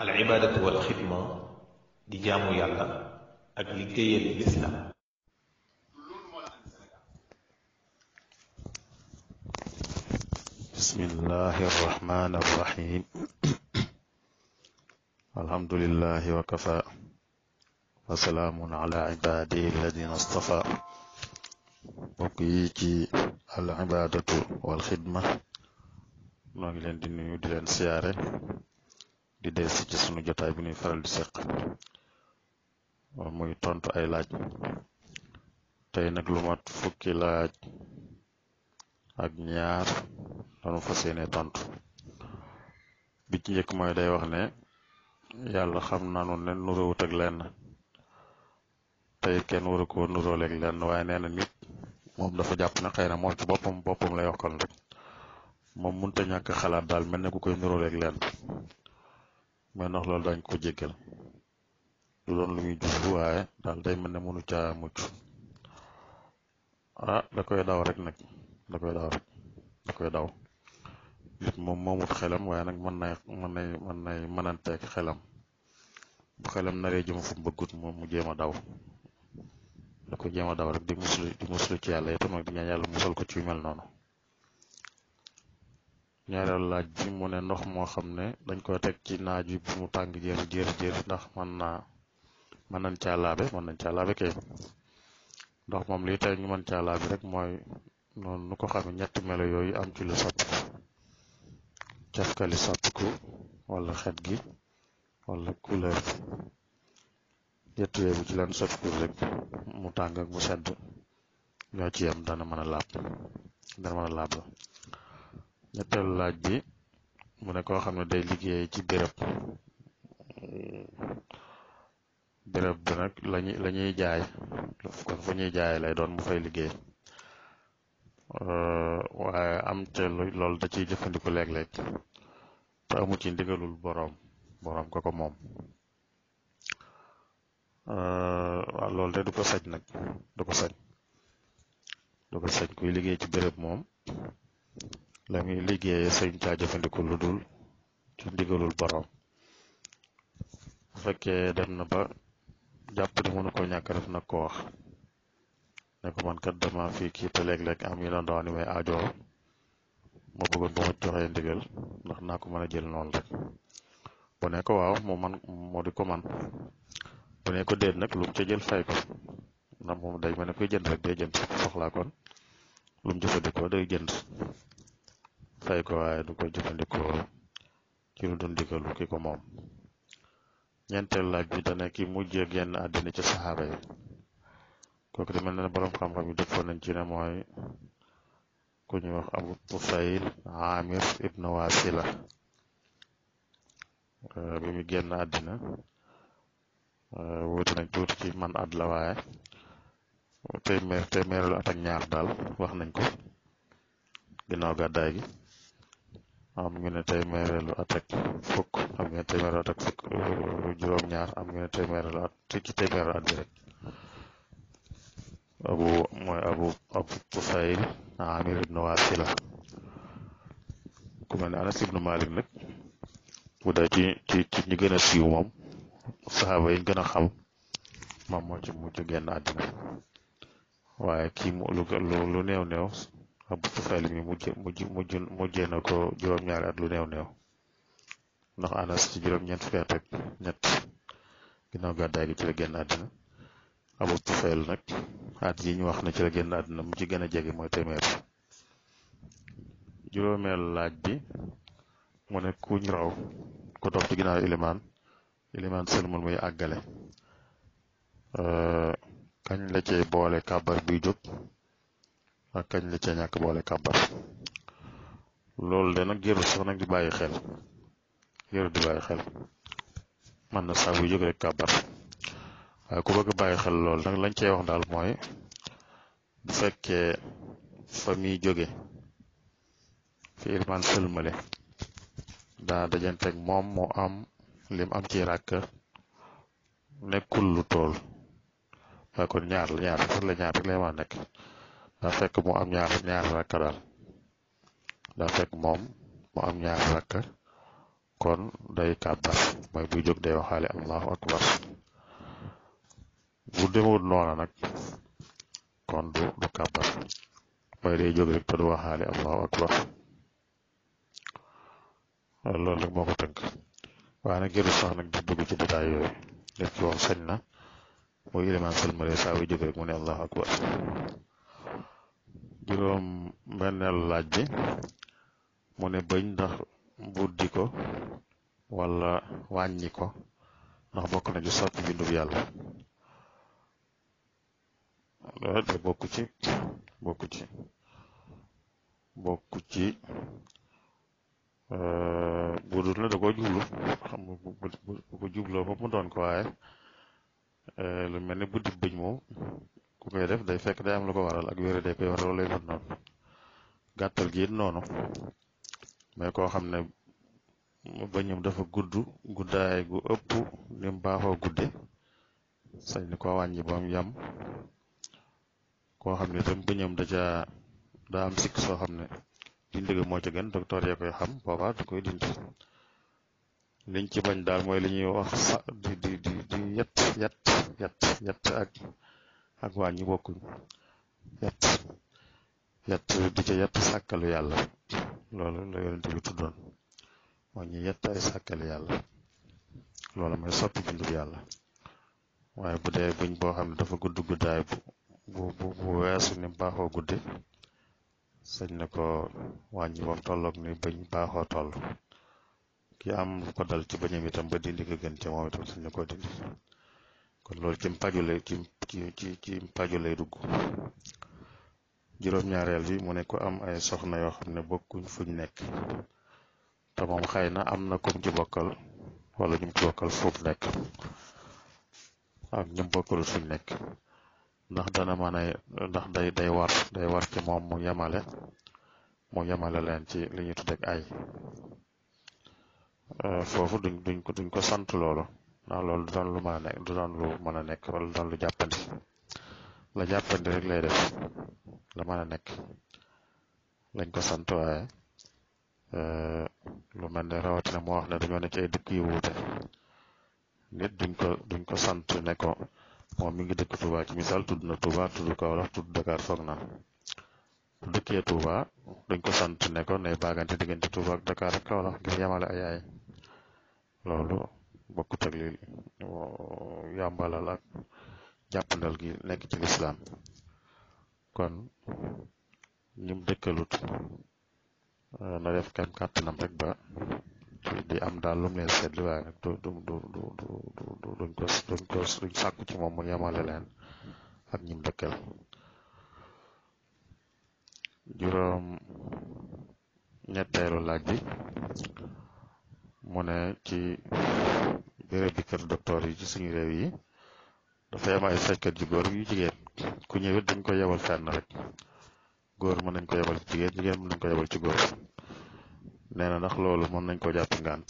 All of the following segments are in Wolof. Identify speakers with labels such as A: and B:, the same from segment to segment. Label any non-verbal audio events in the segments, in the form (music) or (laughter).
A: al ibaadatu wal xidma di jaamu yàlla ak liggéeyal lislaam bismillahi arrahmani arrahim alhamdulilahi wa kafa wa salaamun ala ibaadihi alladina astafa mbokk yi ci al ibaadatu wal xidma noo ngi leen di nuyu di leen siyaare di des ci sunu jotaay bi ñuy faral di seq muy tontu ay laaj tey nag lu mat fukki laaj ak ñaar lanu fas yéene tontu bi ci njëkk mooy day wax ne yàlla xam naanu ne nuróowut leen lenn tey kenn waru ko nuróole ak lenn waaye nee na nit moom dafa jàpp ne xëy na moom ci boppam boppam lay wax kon moom mënut a ñàkk xalaat daal mel ne ku koy nuróole ak lenn. may ndax loolu daañ ko jéggal du doon lu ñuy jublu waaye daal day mel ne mënu caa mucc ah da koy daw rek nag da koy daw rek da koy daw nit moom xelam waaye nag mën nay mën nay mën nay mënanteeg xelam bu xelam naree jëm fu mu bëggut moom mu jéem a daw da ko jéem daw rek di muslu di muslu ci yàlla itam nag di ñaan musal ko ci mel noonu ñaareelu laaj bi mu ne ndox moo xam ne dañ ko teg ci naaj wi bu mu tàng jër jër jër ndax man naa mën nañ caa laabe mën nañ caa laabe kay ndox moom lii tey ñu mën caa laabe rek mooy noonu nu ko xamee ñetti melo yooyu am ci lu soppiku cafkali soppiku wala xet gi wala couleur bi ñett yooyu ci lan soppiku rek mu tàng mu sedd ñoo ci yem dana mën a laab dana mën a laab la ñetteelu laaj bi mu ne koo xam ne day liggéey ci béréb béréb bi nag lañu jaay kon fu ñuy jaay lay doon mu fay liggéey waaye am te loolu da ciy jëfandiku léeg-léeg te amu ci ndigalul boroom boroom ko ko moom waaw loolu de du ko sañ nag du ko sañ du ko sañ kuy liggéey ci béréb moom la ngay liggéeyee sañ caa lu dul ci ndigalul borom bu fekkee dem na ba jàpp ne mënu ko ñàkk def nag ko wax ne ko man kat dama fii kii te léeg-léeg am yi la naa ko mën a jël noonu rek ko waaw moo man moo di ko man bu nag lu mu ca jël fay ko ndax moom day mën a koy jënd rek day jënd soxlaa kon lu mu jëfandikoo day jënd fay ko waaye du ko jëfandikoo ci lu dul ndigalu ki ko moom ñeenteel laaj bi dana ki mujjee génn àddina ci saxaaba yi kooku di mel ne boroom xam-xam yi dëppoon nañ ci ne mooy ku ñuy wax abu tufayl amir ibnu wasila euh, bi mu génn àddina euh, wuute nañ tuuti ci man at la waaye téeméer téeméer la at ak ñaar daal wax nañ ko ginnaaw gàddaay gi am ñu ne téeméerelu at ak fukk am ñu ne téeméerelu at ak uh, juróom-ñaar am ñu ne téeméerelu at ci téeméerelu at rek abu mooy abu abu tufayl amir ibnu wasila ku mel ne anas ibnu malik nag bu dee ci ci ci ñi gën a siiw moom saxaaba yi gën a xam moom moo ci mujj génn àddina waaye kii lu lu néew néew abu tufail mi mujj mujj mujj mujjee na ko juróom-ñaari at lu néew néew ndax anas ci juróom-ñeent fukki at ak ñett ginnaaw gàddaay gi ci la génn àddina abu tufail nag at yi ñu wax na ci la génn àddina mu ci gën a jege mooy téeméer juróomeel laaj bi mu ne kuñ raw ko dox ci ginnaaw ilimaan ilimaan sëlmal muy àggale euh, kañ la cee boole kàbbar buy jóg ak kañ la ca ñàkk boole kàbbar loolu de nag jërul sax nag di bàyyi xel jërul di bàyyi xel man na saa buy jóg rek kàbbar waaye ku bëgg bàyyi xel lool nag lañ cey wax daal mooy bu fekke fa muy jóge fi ilmaan sëlmale daa dajanteeg moom moo am lim am ci ràkk nekkul lu tool waaye kon ñaar la ñaar sax la ñaar rek lay ma nekk daa fekk mu am ñaar ñaari rakk daal daa fekk moom mu am ñaari rakk kon day kàbbar mooy buy jóg day waxaale allahu akbar bu demul noona nag kon du du kàbbar mooy day jóg rek te du waxaale allahu akbar loolu rek moo ko tënk waaye nag sax nag di dugg ci détail yooyu def ci wax sañ na muy ilimaan salmare saa buy jóg rek mu ne allahu akbar juróom benneel laaj bi mu ne bëñ ndax buddi ko wala wàññi ko ndax bokk na ju soppi bindub yàlla te bokku ci bokku ci bokku ci euh, budul na da jublu xam nga bu ko jubloo foofu mu doon ko waaye euh, lu mel ne buddi bëñ moom ku koy def day fekk day am lu ko waral ak wér day koy waral lay mën noonu gàttal gi it noonu mais koo xam ne bañum dafa gudd guddaay gu ëpp ni mu baaxoo gudde sañ ne ko wàññi ba yam koo xam ne tam bañum daja ca daa am sikk soo xam ne dindi ga moo ci gën docteur ya koy xam booba koy dindi liñ ci bañ daal mooy li ñuy wax sa di di di di yett yett yett ak ak waa ñu bokkuñ yett yett di sàkkalu yàlla loolu la yonent bi tuddoon mooy ñu sàkkalu yàlla loolu mooy soppi bindub yàlla waaye bu dee buñ boo xam ne dafa gudd guddaay bu bu bu weesu ni baaxoo gudde sañ na ko wàññi bam tolloog ni bañ baaxoo toll ki am lu ko dal ci bañam itam ba dindi ko gën ca moom itam sañ na koo dindi kon loolu ci mpaju lay ci ci ci dugg juróom-ñaareel bi mu ne ko am ay soxna yoo xam ne bokkuñ fuñ nekk te moom xëy na am na kom ci bokkal wala ñu ci bokkal nekk ak ñu bokkalut nekk ndax dana mën a ndax day day war day war ci moom mu yamale mu yamale leen ci liñu ñu tuddee ay euh, foofu duñ duñ ko duñ ko sant loolu ndax loolu du doon lu mën nekk mën a nekk wala du doon lu jàppandi la jàppandi rek lay def la mën nekk lañ ko sant waaye euh, lu mel ne rawatina moo wax ne dañoo ne ci ay dëkk yu wuute nit duñ ko duñ ko sant ne moom mi ngi dëkk Touba ci misaal tudd na Touba tudd Kaolack tudd Dakar foog na bu dëkkee Touba duñ ko sant ne ko ne baagante diggante Touba ak Dakar ak Kaolack ngir yemale ay ay loolu bokkut ak li yombalal ak jàppandal gi nekk ci lislaam kon ñum dëkkalut eh, na def kam kàttanam rek ba di am daal lu mu leen seetli waaye nag du du du du du ci moom mu yemale ak ñim dëkkal juróom ñetteelu laaj bi mu ne ci béréb bi kër yi ci suñu réew yi dafa am ay fajkat yu góor yu jigéen ku ñëwit dañ ko yebal fenn rek góor mën nañ ko yebal ci jigéen jigéen mën nañ ko yebal ci góor nee na ndax loolu mën nañ ko jàpp ngànt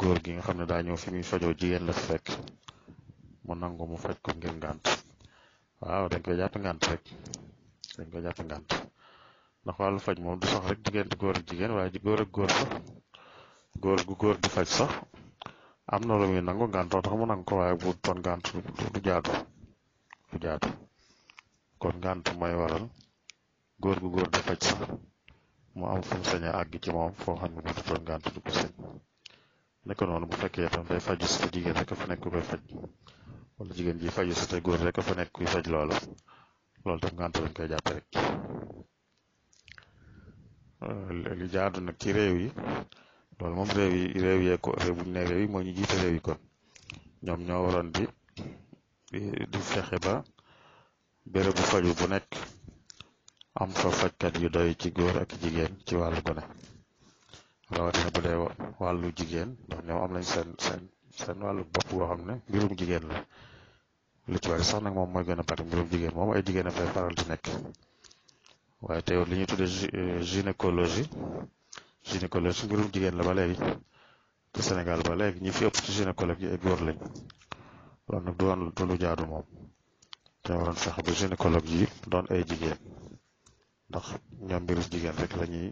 A: góor gi nga xam ne daa ñëw fi muy fajoo jigéen la fekk mu nangu mu faj ko ngir ngànt waaw dañ koy jàpp ngànt rek dañ koy jàpp ngànt ndax wàllu faj moom du sax rek diggante góor ak jigéen waaye góor ak góor sax góor gu góor di faj sax am na lu muy nangu ngàntoo tax mu nangu ko waaye bu ton ngànt du jaatu du jaatu kon ngànt mooy waral góor gu góor di faj sax mu am fu mu sañ a àgg ci moom foo xam ne bu ton ngànt du ko sañ nekk noonu bu fekkee itam day faju si te jigéen rek fa nekk koy faj wala jigéen ji faju si góor rek fa nekk kuy faj loola loolu tam ngànt lañ koy jàppe rek li jaadu nag ci réew yi loolu moom réew yi réew yee ko réew bu ñu nee réew yi mooy ñu jiite réew yi kon ñoom ñoo waroon di di fexe ba bérébu faju bu nekk am fa fajkat yu doy ci góor ak jigéen ci wàllu gone rawatina bu dee wàllu jigéen ndax ñoom am nañ seen seen seen wàllu bopp boo xam ne mbirum jigéen la lu ci bari sax nag moom mooy gën a bari mbirum jigéen moom ay jigéen a fay faral di nekk waaye te li ñuy tuddee gynécologie gynécologue mbirum jigéen la ba léegi ci Sénégal ba léegi ñi fi ëpp ci gynécologue yi ay góor lañ loolu nag doon du lu jaadu moom te waroon fexe ba gynécologue yi doon ay jigéen ndax ñoom mbirum jigéen rek lañuy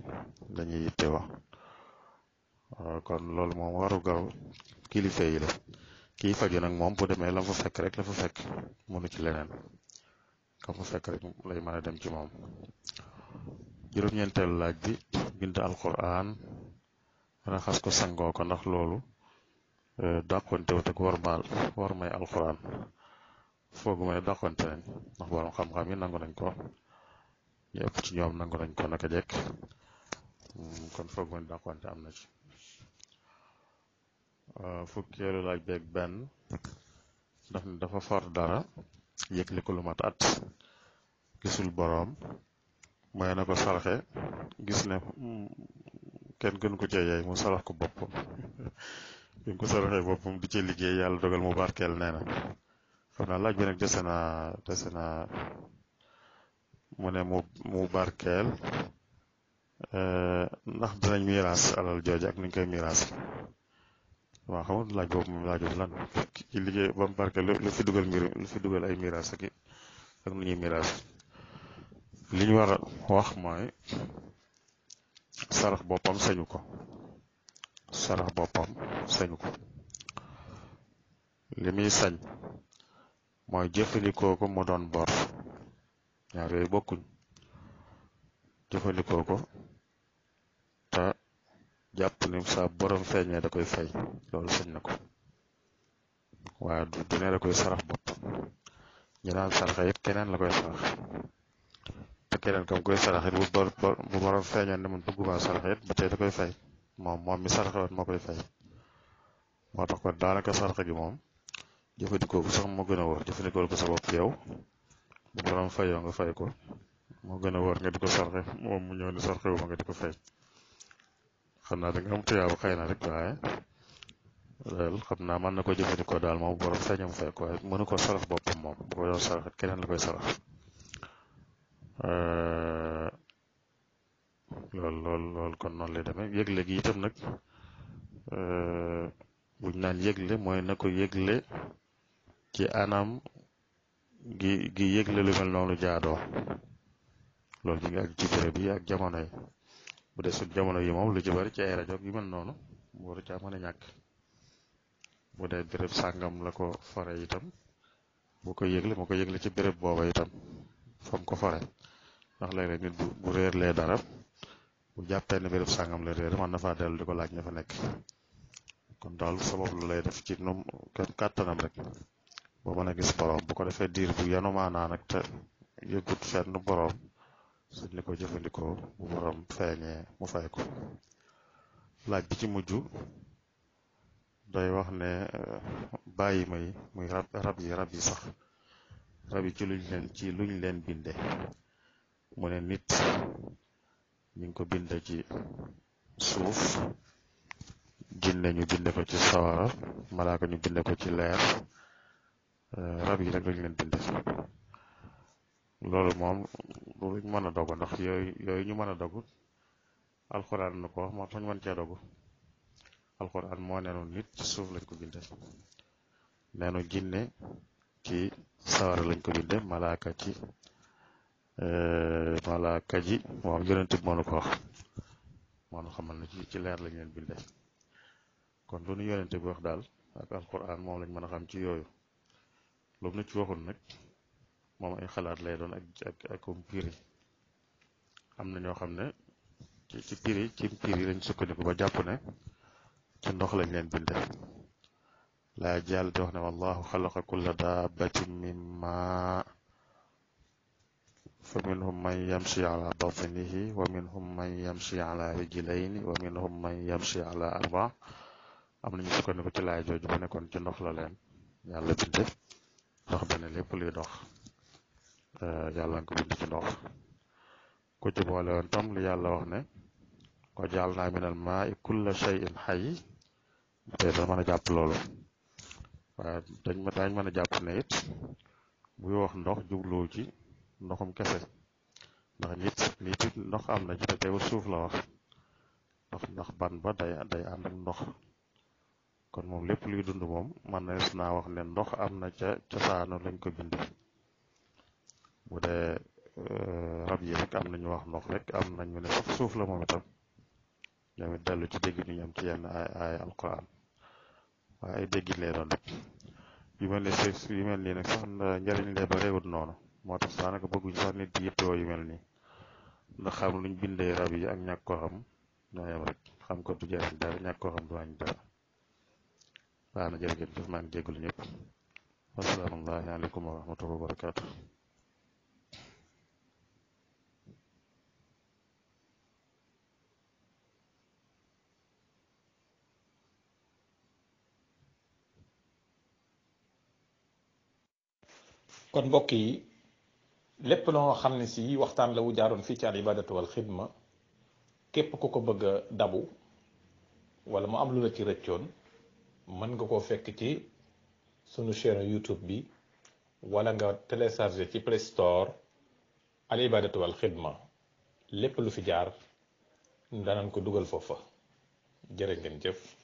A: lañuy yitte wax kon loolu moom waru gaw kilifa yi la kii faju nag moom bu demee la fa fekk rek la fa fekk mënu ci leneen ka fa fekk rek lay mën a dem ci moom juróom-ñeenteelu laaj bi bind alquran raxas ko sangoo ko ndax loolu e, dàqonte wut ak warmaal warmay alquran foogu may dàqonte nañ ndax borom xam-xam yi nangu nañ ko ñu ci ñoom nangu nañ ko naka jekk mm, kon foogu may dàqonte am na ci e, fukkeelu laaj beeg benn ndax ni dafa for dara yëgle ko lu mat at gisul boroom mooy na ko saraxe gis ne kenn gën ko jeeyey mu sarax ko boppam (laughs) bi mu ko saraxee boppam di ci liggéey yàlla dogal mu barkeel nee na xam naa laaj bi nag dese naa dese naa mu mu mu barkeel eh, ndax dinañ miraas alal jooju ak nuñ koy miraas waaw xam nga laaj boobu moom laajul lan ci liggéey ba mu barkeel lu fi dugal mbir lu fi dugal ay miraas ak ak nu ñuy miraas li ñu war a wax mooy sarax boppam sañu ko sarax boppam sañu ko li muy sañ mooy jëfandikoo ko mu doon bor ñaar yooyu bokkuñ jëfandikoo ko te jàpp ni saa borom feeñee da koy fay loolu sañ na ko waaye du dina da koy sarax boppam ñu saraxa yëpp keneen la koy sarax keneen kam koy saraxit bu bor bu borom feeñoon ne man bëgguma saraxit ba tey da koy fay moom moom mi saraxewoon moo koy fay moo tax kon daanaka sarax moom jëfandikoo ko moo gën a wóor jëfandikoo ko sa bopp yow nga fay ko moo gën a wóor nga di ko saraxe moom mu ñëw ne saraxewu ma nga di ko fay na rek waaye naa mën na ko jëfandikoo daal moom bu borom feeñam fay ko waaye mënu ko boppam moom bu ko saraxit keneen la koy sarax Euh, loolu lool lool kon noonu le demee yëgle gi itam nag euh, buñ naan yëgle mooy na ko yëgle ci anam gi gi yëgle lu mel noonu jaadoo loolu ñu ngi ak ci béréb yi ak jamono yi bu dee suñ jamono yi moom lu ci bari ci ay rajo gi mel noonu waru caa mën ñàkk bu dee béréb sàngam la ko fare itam boo ko yëgle ma ko yëgle ci béréb booba itam fa ko fore ndax léeg-léeg nit bu bu réer lee dara bu jàppee ne béréb sàngam la réer mën na faa dellu di ko laaj ña fa nekk kon daal sa bopp def ci num kenn kàttanam rek boo mën a gis borom bu ko defee diir bu yanumaanaa nag te yëgut fenn borom suñ li ko jëfandikoo bu borom feeñee mu fay ko laaj bi ci mujj day wax ne bàyyi ma muy rab rab yi rab yi sax rab yi ci luñ leen ci luñ leen binde mu ne nit ñu ngi ko binde ci suuf jinne ñu binde ko ci sawara malaaka ñu binde ko ci leer eh, rab yi nag lañ leen binde loolu moom luñ mën a dogu ndax yooyu yooyu ñu mën a dogu alxuraan na ko wax moo tax ñu mën nit ci suuf lañ ko binde neenu jinne ci sawara lañ ko binde malaaka ci euh, malaaka ji moom yonent bi moo nu ko wax moo xamal na ci leer lañ leen binde kon lu nu yonent bi wax daal ak alquran moom lañ mën a xam ci yooyu loolu na ci waxul nag moom ay xalaat lay doon ak ak akom um piri am na ñoo xam ne ci ci piri ci piri lañ sukkandiku ba jàpp ne ci ndox lañ leen binde laa jàll di wax ne wallahu xalaqa kulla daabatin min maa fa minhum man yamshi ala batnihi wa minhum man yamshi ala rijlayni wa minhum man yamshi ala arba am nañu sukkandiku ci laay jooju bu nekkoon ci ndox la leen binde ndox bene lépp luy dox euh, yàlla ko bind ci ndox ku ci boole woon tam li yàlla wax ne jaal naa minal maa i kulla shay'in te dana mën a jàpp loolu waaw dañ ma daañ a jàpp ne it buy wax ndox jubluwu ci ndoxum kese ndax nit it ndox am na ci te suuf la wax ndax ndax ban ba day day ndox kon moom lépp luy dund moom man nees naa wax ne ndox am na ca cosaanu lañ ko bind bu dee euh, rab yi rek am nañu wax ndox rek am nañu ne sax suuf la moom itam ñoom it dellu ci dégg ni ci yenn ay ay alquran waaye ay dégg lee yu mel ne sexe yu mel nii nag sax njëriñ lay bareewut noonu moo tax daanaka bëgguñ sax nit di yittewoo yu mel nii ndax xam luñ bindee rab yi ak ñàkk koo xam ñoo rek xam ko du jëriñ dara ñàkk koo xam du wàññi dara waaw na jërëjëf maa ngi jégalu ñëpp wasalaamaaleykum wa rahmatulah wa kon mbokk yi lépp loo xam ne si waxtaan la wu jaaroon fii ci al ibadatu wal xidma képp ku ko bëgg a dabu wala mu am lu la ci rëccoon mën nga koo fekk ci sunu chaîne YouTube bi wala nga téléchargé ci Play Store al ibadatu wal xidma lépp lu fi jaar danañ ko dugal foofa jërë ngeen jëf